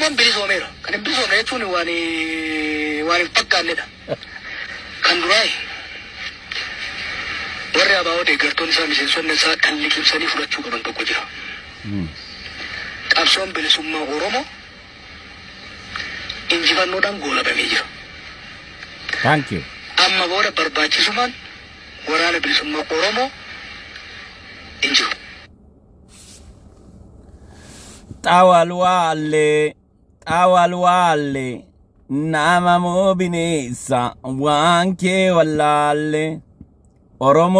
Namoonni bilisoomeera. Kan ni wani wani waan ni dah. Kan duraa warri abaa'oo deeggartoonni isaa miseensonni sah kan liqimsanii fudhachuu qaban tokko jira. Qabsoon bilisummaa Oromoo injifannoodhaan goolabamee jira. Thank you. Amma booda barbaachisumaan waraana bilisummaa Oromoo hin jiru. ጣዋልዋ አሌ awalualle namamo binessa wanke wallalle ኦሮሞ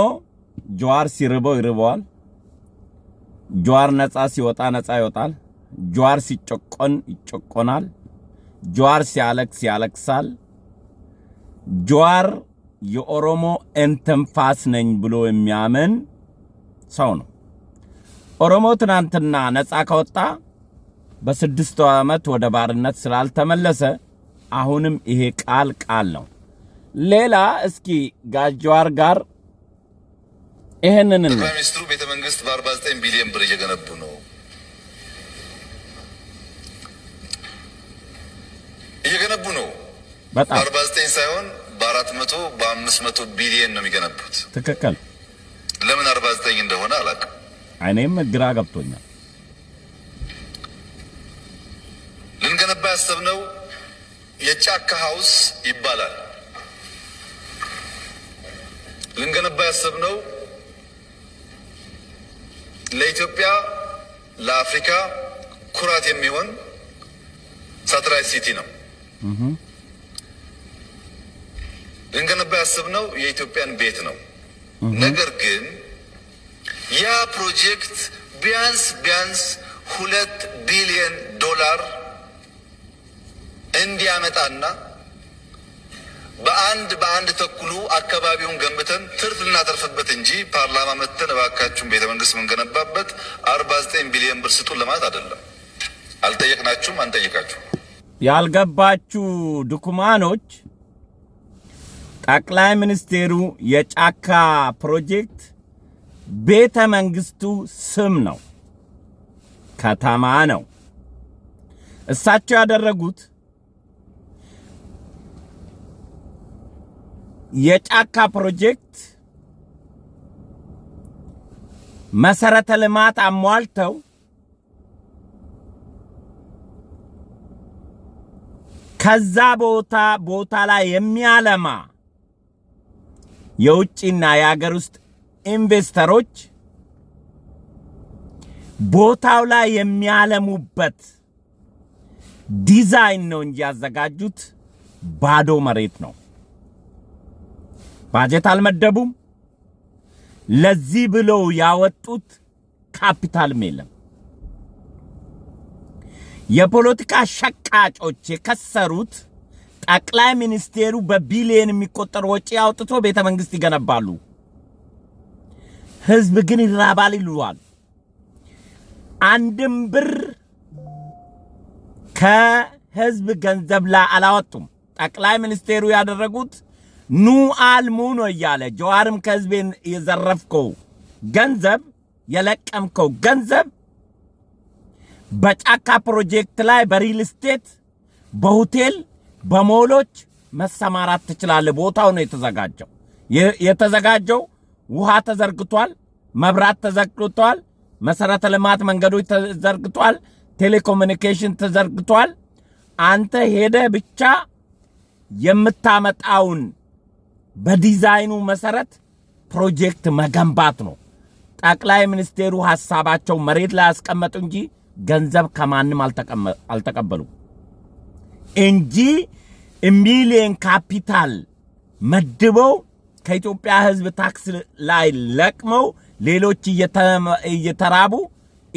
ጀዋር ሲርበው ይርበዋል። ጀዋር ነጻ ሲወጣ ነጻ ይወጣል። ጀዋር ሲጨቆን ይጨቆናል። ጀዋር ሲያለቅስ ያለቅሳል። ጀዋር የኦሮሞ እንትንፋስ ነኝ ብሎ የሚያምን ሰው ነው። ኦሮሞ ትናንትና ነጻ ከወጣ በስድስቱ ዓመት ወደ ባርነት ስላልተመለሰ አሁንም ይሄ ቃል ቃል ነው። ሌላ እስኪ ጋጅዋር ጋር ይህንን ጠቅላይ ሚኒስትሩ ቤተ መንግስት በ49 ቢሊዮን ብር እየገነቡ ነው እየገነቡ ነው። በጣም በ49 ሳይሆን በ400 በ500 ቢሊዮን ነው የሚገነቡት። ትክክል። ለምን 49 እንደሆነ አላውቅም። እኔም ግራ ገብቶኛል። ጫካ ሀውስ ይባላል። ልንገነባ ያሰብነው ለኢትዮጵያ ለአፍሪካ ኩራት የሚሆን ሳተላይት ሲቲ ነው። ልንገነባ ያሰብነው የኢትዮጵያን ቤት ነው። ነገር ግን ያ ፕሮጀክት ቢያንስ ቢያንስ ሁለት ቢሊየን ዶላር እንዲያመጣና በአንድ በአንድ ተኩሉ አካባቢውን ገንብተን ትርፍ ልናተርፍበት እንጂ ፓርላማ መተን እባካችሁን ቤተ መንግስት የምንገነባበት አርባ ዘጠኝ ቢሊዮን ብር ስጡን ለማለት አይደለም። አልጠየቅናችሁም፣ አንጠይቃችሁ። ያልገባችሁ ድኩማኖች ጠቅላይ ሚኒስቴሩ የጫካ ፕሮጀክት ቤተ መንግስቱ ስም ነው፣ ከተማ ነው። እሳቸው ያደረጉት የጫካ ፕሮጀክት መሰረተ ልማት አሟልተው ከዛ ቦታ ቦታ ላይ የሚያለማ የውጭና የሀገር ውስጥ ኢንቨስተሮች ቦታው ላይ የሚያለሙበት ዲዛይን ነው እንጂ ያዘጋጁት ባዶ መሬት ነው። ባጀት አልመደቡም። ለዚህ ብለው ያወጡት ካፒታልም የለም። የፖለቲካ ሸቃጮች የከሰሩት ጠቅላይ ሚኒስቴሩ በቢሊየን የሚቆጠሩ ወጪ አውጥቶ ቤተ መንግስት ይገነባሉ። ህዝብ ግን ይራባል ይሉዋል። አንድም ብር ከህዝብ ገንዘብ ላይ አላወጡም። ጠቅላይ ሚኒስቴሩ ያደረጉት ኑ አልሙ ነው እያለ ጀዋርም ከህዝቤን የዘረፍከው ገንዘብ የለቀምከው ገንዘብ በጫካ ፕሮጀክት ላይ በሪል ስቴት፣ በሆቴል፣ በሞሎች መሰማራት ትችላለህ። ቦታው ነው የተዘጋጀው የተዘጋጀው ውሃ ተዘርግቷል፣ መብራት ተዘርግቷል፣ መሰረተ ልማት መንገዶች ተዘርግቷል፣ ቴሌኮሙኒኬሽን ተዘርግቷል። አንተ ሄደ ብቻ የምታመጣውን በዲዛይኑ መሰረት ፕሮጀክት መገንባት ነው። ጠቅላይ ሚኒስቴሩ ሐሳባቸው መሬት ላይ ያስቀመጡ እንጂ ገንዘብ ከማንም አልተቀበሉ? እንጂ ሚሊየን ካፒታል መድበው ከኢትዮጵያ ሕዝብ ታክስ ላይ ለቅመው ሌሎች እየተራቡ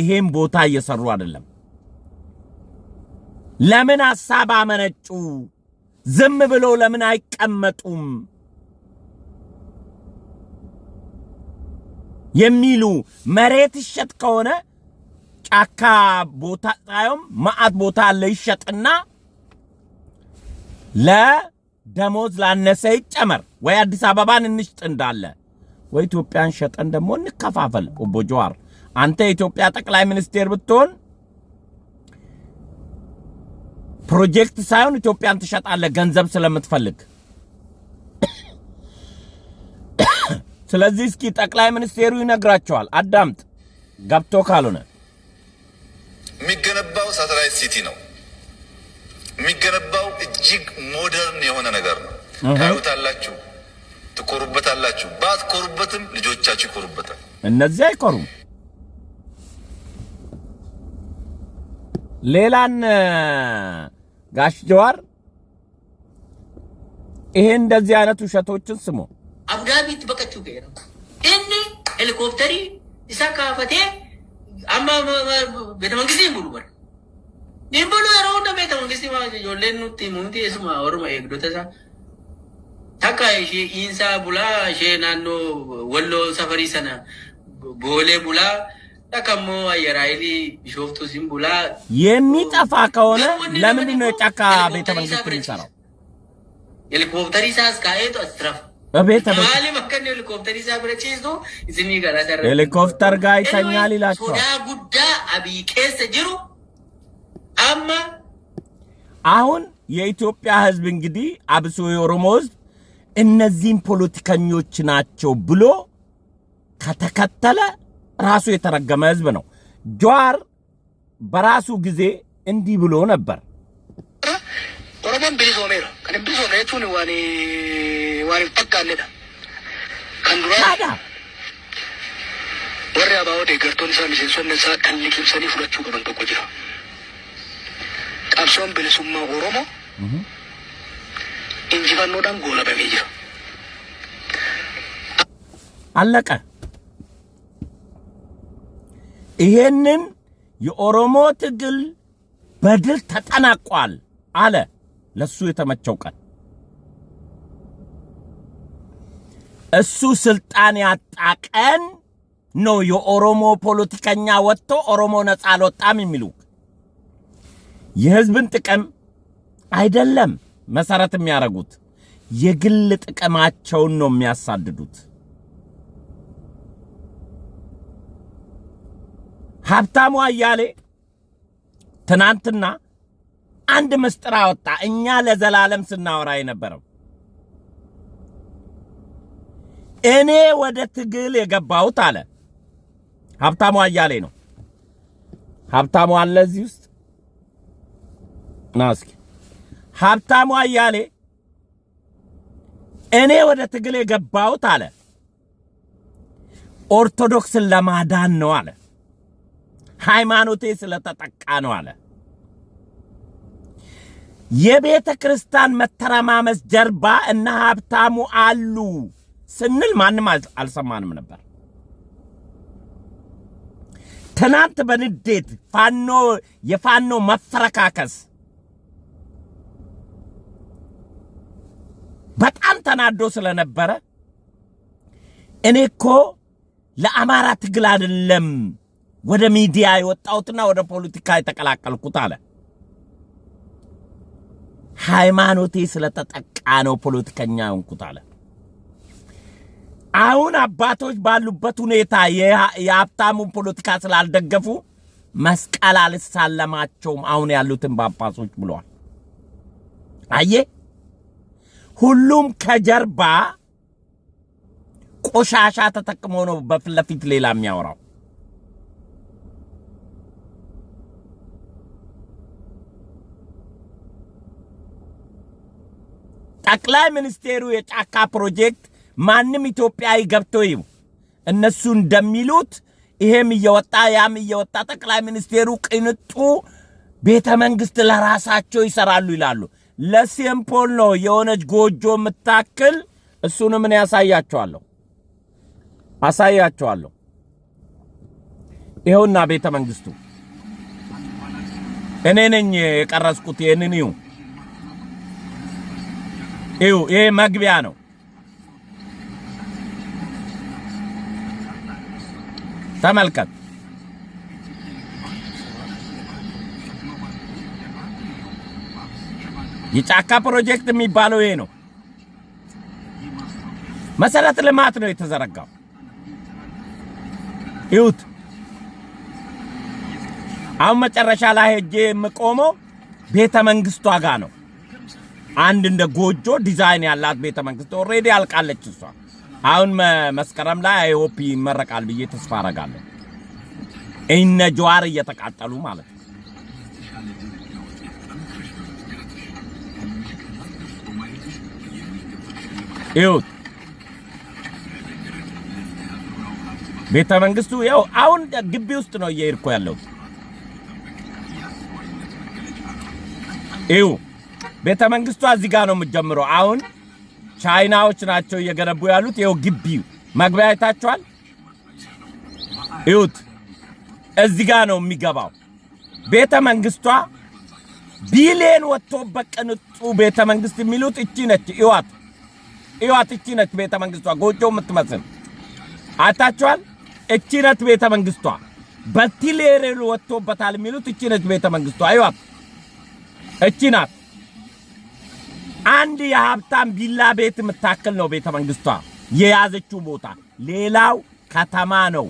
ይሄን ቦታ እየሰሩ አይደለም። ለምን ሐሳብ አመነጩ? ዝም ብሎ ለምን አይቀመጡም? የሚሉ መሬት ይሸጥ ከሆነ ጫካ ቦታ ሳይሆን ማአት ቦታ ይሸጥና ለደሞዝ ላነሰ ይጨመር ወይ አዲስ አበባን እንሽጥ እንዳለ ወይ ኢትዮጵያን ሸጠን ደግሞ እንከፋፈል። ኦቦ ጀዋር አንተ የኢትዮጵያ ጠቅላይ ሚኒስቴር ብትሆን ፕሮጀክት ሳይሆን ኢትዮጵያን ትሸጣለህ ገንዘብ ስለምትፈልግ። ስለዚህ እስኪ ጠቅላይ ሚኒስቴሩ ይነግራቸዋል። አዳምጥ ገብቶ ካልሆነ የሚገነባው ሳተላይት ሲቲ ነው የሚገነባው እጅግ ሞደርን የሆነ ነገር ነው። ታዩታላችሁ፣ ትኮሩበታላችሁ። ባትኮሩበትም ልጆቻችሁ ይኮሩበታል። እነዚህ አይኮሩም። ሌላን ጋሽ ጀዋር ይሄ እንደዚህ አይነት ውሸቶችን ስሙ። አቡዳቢት በቀችው ገይረ እኒ ሄሊኮፕተሪ ኢሳ ካፈቴ አማ ቤተ መንግስት ሙሉ በረ ብሎ የረውነ ቤተ መንግስት ጆሌን ኑቲ ሙንቲ ስማ ኦሮሞ ኤግዶተሳ takka ishee dhiinsaa bulaa ishee naannoo walloo safarii sana boolee bulaa takka immoo ayyaraayilii bishooftu sin የሚጠፋ ከሆነ ለምንድን ነው የጫካ ቤተ መንግስት የሚሰራው? ሄሊኮፕተሪ ሳስካኤቱ አስትራፍ ሄሊኮፕተር ጋር ይተኛል ይላቸዋል። አሁን የኢትዮጵያ ህዝብ እንግዲህ አብሶ የኦሮሞ ሕዝብ እነዚህም ፖለቲከኞች ናቸው ብሎ ከተከተለ ራሱ የተረገመ ሕዝብ ነው። ጀዋር በራሱ ጊዜ እንዲህ ብሎ ነበር። ኦሮሞን ቢሊዞሜ ነው Kan bisoon jechuun wani waan hin fakkaalledha. Kan duraa warri abaa'oo deeggartoon isaa miseensonni isaa kan liqimsanii fudhachuu qaban tokko jira. Qabsoon bilisummaa Oromoo injifannoodhaan goolabamee jira. አለቀ። ይሄንን የኦሮሞ ትግል በድል ተጠናቋል አለ። ለሱ የተመቸው ቀን እሱ ስልጣን ያጣ ቀን ነው። የኦሮሞ ፖለቲከኛ ወጥቶ ኦሮሞ ነጻ አልወጣም የሚሉ የህዝብን ጥቅም አይደለም መሰረት የሚያደርጉት የግል ጥቅማቸውን ነው የሚያሳድዱት። ሀብታሙ አያሌ ትናንትና አንድ ምስጢር አወጣ። እኛ ለዘላለም ስናወራ የነበረው እኔ ወደ ትግል የገባሁት አለ ሀብታሙ አያሌ ነው። ሀብታሙ አለ እዚህ ውስጥ ና እስኪ ሀብታሙ አያሌ እኔ ወደ ትግል የገባሁት አለ ኦርቶዶክስን ለማዳን ነው አለ ሃይማኖቴ ስለተጠቃ ነው አለ የቤተ ክርስቲያን መተረማመስ ጀርባ እነ ሀብታሙ አሉ ስንል ማንም አልሰማንም ነበር። ትናንት በንዴት ፋኖ የፋኖ መፈረካከስ በጣም ተናዶ ስለነበረ እኔ እኮ ለአማራ ትግል አይደለም ወደ ሚዲያ የወጣሁትና ወደ ፖለቲካ የተቀላቀልኩት አለ። ሃይማኖቴ ስለተጠቃ ነው ፖለቲከኛ የሆንኩት አለ። አሁን አባቶች ባሉበት ሁኔታ የሀብታሙን ፖለቲካ ስላልደገፉ መስቀል አልሳለማቸውም አሁን ያሉትን ጳጳሶች ብሏል። አየ ሁሉም ከጀርባ ቆሻሻ ተጠቅሞ ነው በፊት ለፊት ሌላ የሚያወራው። ጠቅላይ ሚኒስቴሩ የጫካ ፕሮጀክት ማንም ኢትዮጵያዊ ገብቶ ይሙ እነሱ እንደሚሉት ይሄም እየወጣ ያም እየወጣ ጠቅላይ ሚኒስቴሩ ቅንጡ ቤተ መንግስት ለራሳቸው ይሰራሉ ይላሉ። ለሴምፖል ነው የሆነች ጎጆ የምታክል። እሱን ምን ያሳያቸዋለሁ አሳያቸዋለሁ። ይኸውና ቤተ መንግስቱ እኔ ነኝ የቀረጽኩት። ይህንን ይሁን ይው ይሄ መግቢያ ነው። ተመልከት። የጫካ ፕሮጀክት የሚባለው ይሄ ነው። መሰረት ልማት ነው የተዘረጋው። ይሁት አሁን መጨረሻ ላይ ሄጄ የምቆመው ቤተ መንግስቷ ጋር ነው። አንድ እንደ ጎጆ ዲዛይን ያላት ቤተ መንግስት ኦልሬዲ አልቃለች። እሷ አሁን መስከረም ላይ አይሆፕ ይመረቃል ብዬ ተስፋ አረጋለሁ። እነ ጀዋር እየተቃጠሉ ማለት ነው። ይሁት ቤተ መንግስቱ ያው አሁን ግቢ ውስጥ ነው እየሄድኩ ያለሁት ይሁ ቤተ መንግስቷ እዚህ ጋር ነው የምትጀምረው። አሁን ቻይናዎች ናቸው እየገነቡ ያሉት። ይኸው ግቢው መግቢያ አይታችኋል። እዩት፣ እዚህ ጋር ነው የሚገባው ቤተ መንግስቷ። ቢሊየን ወጥቶበት ቅንጡ ቤተ መንግስት የሚሉት እቺ ነች። እዩዋት፣ እዩዋት፣ እቺ ነች ቤተ መንግስቷ፣ ጎጆ የምትመስል አይታችኋል። እቺ ነች ቤተ መንግስቷ። በትሌሬሉ ወጥቶበታል የሚሉት እቺ ነች ቤተ መንግስቷ። እዩዋት፣ እቺ ናት። አንድ የሀብታም ቢላ ቤት የምታክል ነው ቤተ መንግስቷ የያዘችው ቦታ። ሌላው ከተማ ነው፣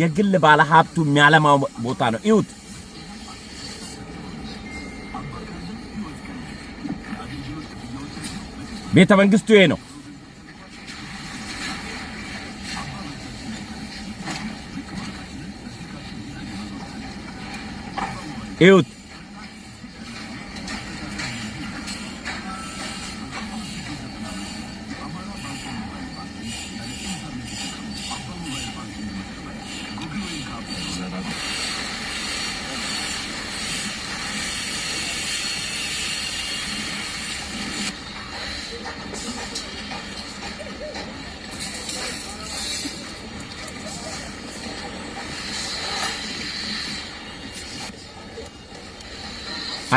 የግል ባለ ሀብቱ የሚያለማው ቦታ ነው። ይሁት ቤተ መንግስቱ ይሄ ነው። ይሁት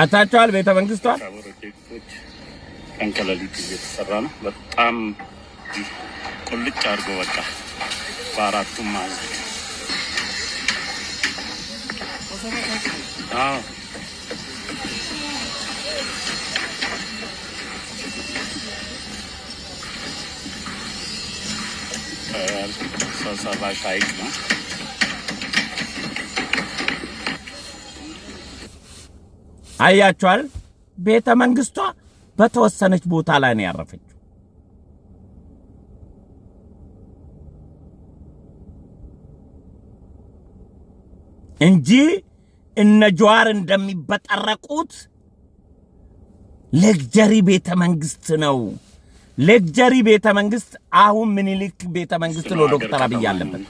አታቸዋል ቤተ መንግስቷን ቀንቀለሊት እየተሰራ ነው። በጣም ቁልጭ አድርጎ በቃ በአራቱም ማዘት ሰው ሰራሽ ነው። አያችኋል። ቤተ መንግስቷ በተወሰነች ቦታ ላይ ነው ያረፈችው። እንጂ እነ ጀዋር እንደሚበጠረቁት ለግጀሪ ቤተ መንግስት ነው። ለግጀሪ ቤተ መንግስት አሁን ምኒልክ ቤተ መንግስት ነው ዶክተር አብይ ያለበት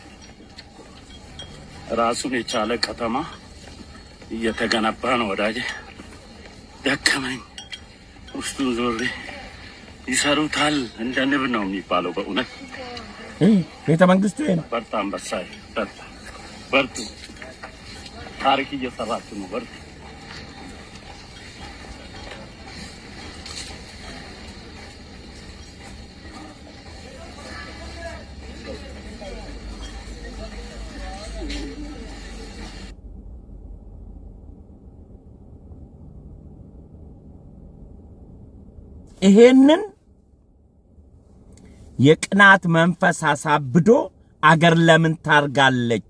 ራሱን የቻለ ከተማ እየተገነባ ነው ወዳጄ። ደከመኝ። ውስጡን ዞሬ ይሰሩታል እንደ ንብ ነው የሚባለው። በእውነት ቤተ መንግስቱ ነው። በርታ አንበሳ በርታ፣ በርቱ። ታሪክ እየሰራችሁ ነው። በርቱ ይሄንን የቅናት መንፈስ አሳብዶ አገር ለምን ታርጋለች?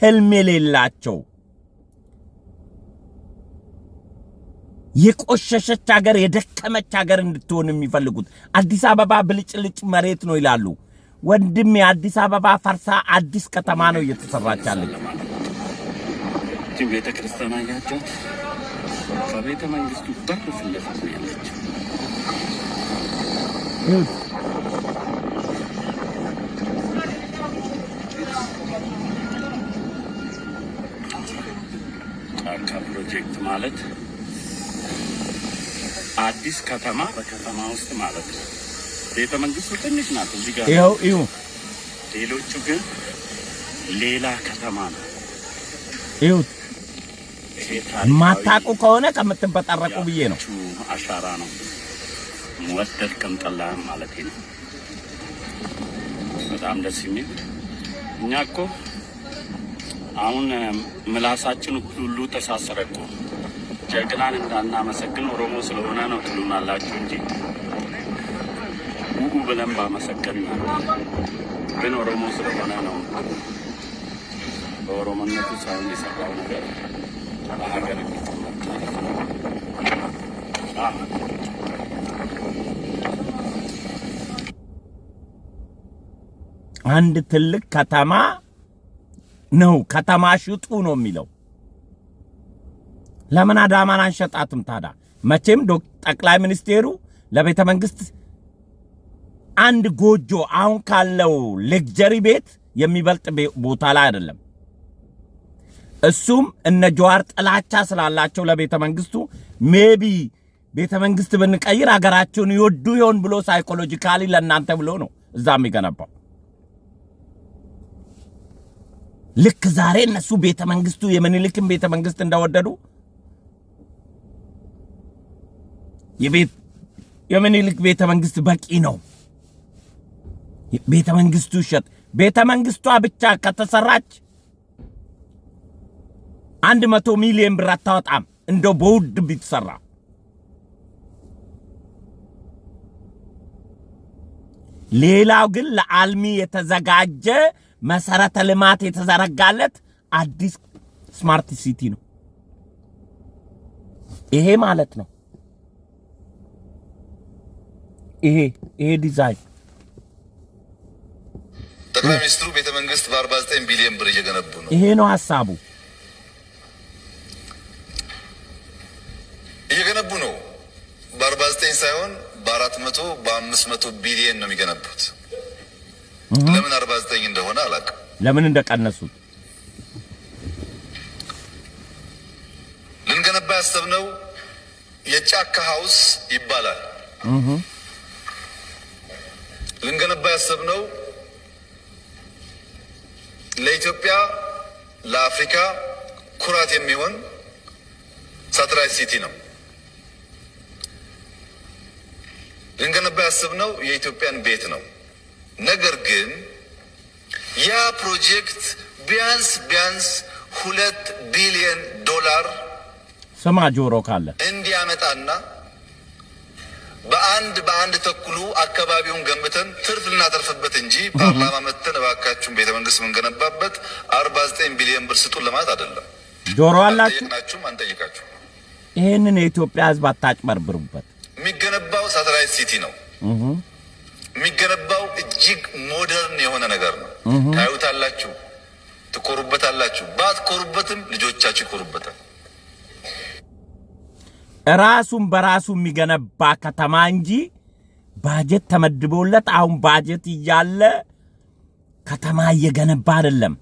ህልም የሌላቸው የቆሸሸች ሀገር የደከመች ሀገር እንድትሆን የሚፈልጉት አዲስ አበባ ብልጭልጭ መሬት ነው ይላሉ። ወንድም የአዲስ አበባ ፈርሳ አዲስ ከተማ ነው እየተሰራች ያለች። ቤተ ክርስቲያን አያቸት ከቤተ መንግስቱ በር ያለች። ጫካ ፕሮጀክት ማለት አዲስ ከተማ በከተማ ውስጥ ማለት ነው። ቤተ መንግስቱ ትንሽ ናት እዚህ ጋር ይኸው ይሁ ሌሎቹ ግን ሌላ ከተማ ነው። ይሁት ማታቁ ከሆነ ከምትበጣረቁ ብዬ ነው። አሻራ ነው። ወደድከም ጠላህም ማለት ነው። በጣም ደስ የሚል እኛ እኮ አሁን ምላሳችን ሁሉ ተሳሰረ እኮ። ጀግናን እንዳናመሰግን ኦሮሞ ስለሆነ ነው ትሉናላችሁ እንጂ ውኡ ብለን ባመሰገን ግን ኦሮሞ ስለሆነ ነው። በኦሮሞነቱ ሳይሆን የሰራው ነገር ለሀገር የሚጠመቅ ነው። አንድ ትልቅ ከተማ ነው። ከተማ ሽጡ ነው የሚለው። ለምን አዳማን አንሸጣትም ታዳ? መቼም ጠቅላይ ሚኒስቴሩ ለቤተ መንግስት አንድ ጎጆ አሁን ካለው ሌክጀሪ ቤት የሚበልጥ ቦታ ላይ አይደለም። እሱም እነ ጀዋር ጥላቻ ስላላቸው ለቤተ መንግስቱ ሜቢ ቤተ መንግስት ብንቀይር አገራቸውን ይወዱ ይሆን ብሎ ሳይኮሎጂካሊ ለእናንተ ብሎ ነው እዛ የሚገነባው። ልክ ዛሬ እነሱ ቤተ መንግስቱ የምኒልክን ቤተ መንግስት እንደወደዱ የምኒልክ ቤተ መንግስት በቂ ነው፣ ቤተ መንግስቱ ይሸጥ። ቤተ መንግስቷ ብቻ ከተሰራች አንድ መቶ ሚሊዮን ብር አታወጣም። እንደው በውድ ቢትሰራ ሌላው ግን ለአልሚ የተዘጋጀ መሰረተ ልማት የተዘረጋለት አዲስ ስማርት ሲቲ ነው። ይሄ ማለት ነው። ይሄ ይሄ ዲዛይን ጠቅላይ ሚኒስትሩ ቤተ መንግስት በ49 ቢሊዮን ብር እየገነቡ ነው። ይሄ ነው ሀሳቡ። እየገነቡ ነው። በ49 ሳይሆን በ400 በ500 ቢሊዮን ነው የሚገነቡት። ለምን 49 እንደሆነ አላውቅም። ለምን እንደቀነሱት ልንገነባ ያሰብነው የጫካ ሀውስ ይባላል። ልንገነባ ያሰብነው ለኢትዮጵያ ለአፍሪካ ኩራት የሚሆን ሳተላይት ሲቲ ነው። ልንገነባ ያሰብነው የኢትዮጵያን ቤት ነው። ነገር ግን ያ ፕሮጀክት ቢያንስ ቢያንስ ሁለት ቢሊዮን ዶላር ስማ ጆሮ ካለ እንዲያመጣና በአንድ በአንድ ተኩሉ አካባቢውን ገንብተን ትርፍ ልናተርፍበት እንጂ ፓርላማ መተን እባካችሁን ቤተ መንግስት የምንገነባበት አርባ ዘጠኝ ቢሊዮን ብር ስጡን ለማለት አይደለም። ጆሮ አላችሁ አንጠይቃችሁ። ይህንን የኢትዮጵያ ሕዝብ አታጭበርብሩበት። የሚገነባው ሳተላይት ሲቲ ነው። የሚገነባው እጅግ ሞደርን የሆነ ነገር ነው። ታዩታላችሁ፣ ትኮሩበታላችሁ። ባትኮሩበትም ልጆቻችሁ ይኮሩበታል። ራሱን በራሱ የሚገነባ ከተማ እንጂ ባጀት ተመድቦለት አሁን ባጀት እያለ ከተማ እየገነባ አይደለም።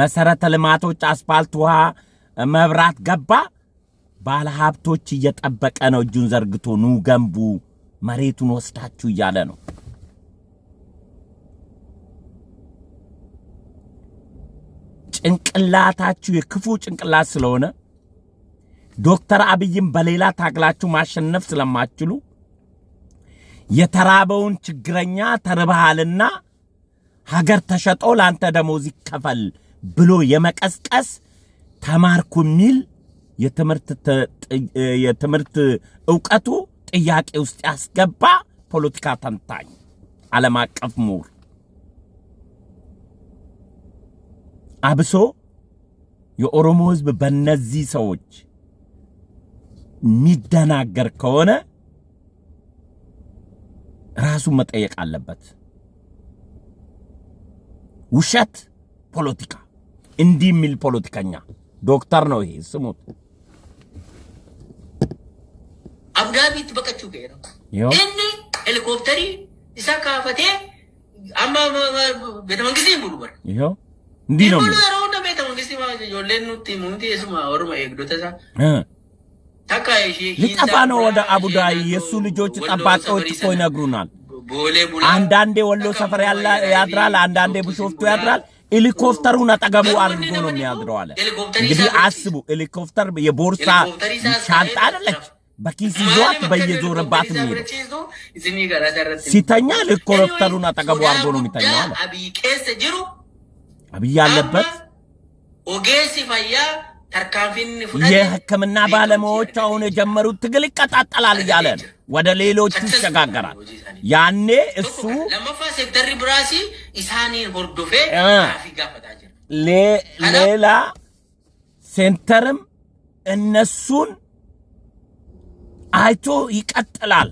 መሰረተ ልማቶች፣ አስፋልት፣ ውሃ፣ መብራት ገባ። ባለ ሀብቶች እየጠበቀ ነው። እጁን ዘርግቶ ኑ ገንቡ፣ መሬቱን ወስዳችሁ እያለ ነው። ጭንቅላታችሁ የክፉ ጭንቅላት ስለሆነ ዶክተር አብይም በሌላ ታግላችሁ ማሸነፍ ስለማትችሉ የተራበውን ችግረኛ ተርበሃልና ሀገር ተሸጦ ለአንተ ደሞዝ ይከፈል ብሎ የመቀስቀስ ተማርኩ የሚል የትምህርት እውቀቱ ጥያቄ ውስጥ ያስገባ ፖለቲካ ተንታኝ ዓለም አቀፍ ምሁር አብሶ የኦሮሞ ህዝብ በነዚህ ሰዎች የሚደናገር ከሆነ ራሱ መጠየቅ አለበት። ውሸት ፖለቲካ እንዲህ የሚል ፖለቲከኛ ዶክተር ነው ይሄ ስሙት። አብጋቢት በቀቹ ገይረ ይህን ሄሊኮፕተሪ ይሳካፈቴ አማ ቤተ መንግስት ይሙሉ በር ይሄው እንዲህ ነው። ልጠፋ ነው ወደ አቡዳይ። የእሱ ልጆች ጠባቂዎች እኮ ይነግሩናል። አንዳንዴ ወሎ ሰፈር ያድራል፣ አንዳንዴ ብሾፍቱ ያድራል። ሄሊኮፕተሩን አጠገቡ አድርጎ ነው የሚያድረው አለ። እንግዲህ አስቡ፣ ሄሊኮፕተር የቦርሳ ሻንጣ አደለች በኪስ ይዟት በየዞረባት የሚሄደው ሲተኛ ሄሊኮፕተሩን አጠገቡ አድርጎ ነው የሚተኛው አለ። አብይ ያለበት የህክምና ባለሙያዎች አሁን የጀመሩት ትግል ይቀጣጠላል እያለን ወደ ሌሎቹ ይሸጋገራል። ያኔ እሱ ሌላ ሴንተርም እነሱን አይቶ ይቀጥላል።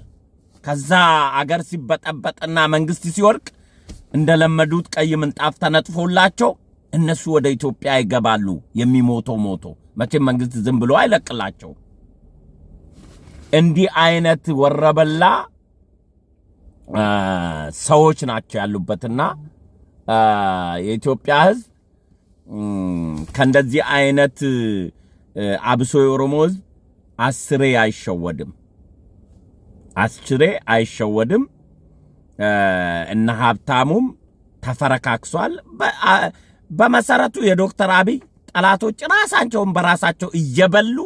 ከዛ አገር ሲበጠበጥና መንግስት ሲወርቅ እንደለመዱት ቀይ ምንጣፍ ተነጥፎላቸው እነሱ ወደ ኢትዮጵያ ይገባሉ። የሚሞተው ሞቶ መቼም መንግስት ዝም ብሎ አይለቅላቸው። እንዲህ አይነት ወረበላ ሰዎች ናቸው ያሉበትና የኢትዮጵያ ህዝብ ከእንደዚህ አይነት አብሶ የኦሮሞ ህዝብ አስሬ አይሸወድም፣ አስችሬ አይሸወድም። እና ሀብታሙም ተፈረካክሷል። በመሰረቱ የዶክተር አብይ ጠላቶች ራሳቸውን በራሳቸው እየበሉ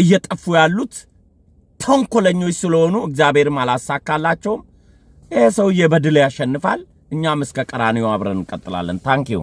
እየጠፉ ያሉት ተንኮለኞች ስለሆኑ እግዚአብሔርም አላሳካላቸውም። ይህ ሰውዬ በድል ያሸንፋል። እኛም እስከ ቀራኒው አብረን እንቀጥላለን። ታንኪዩ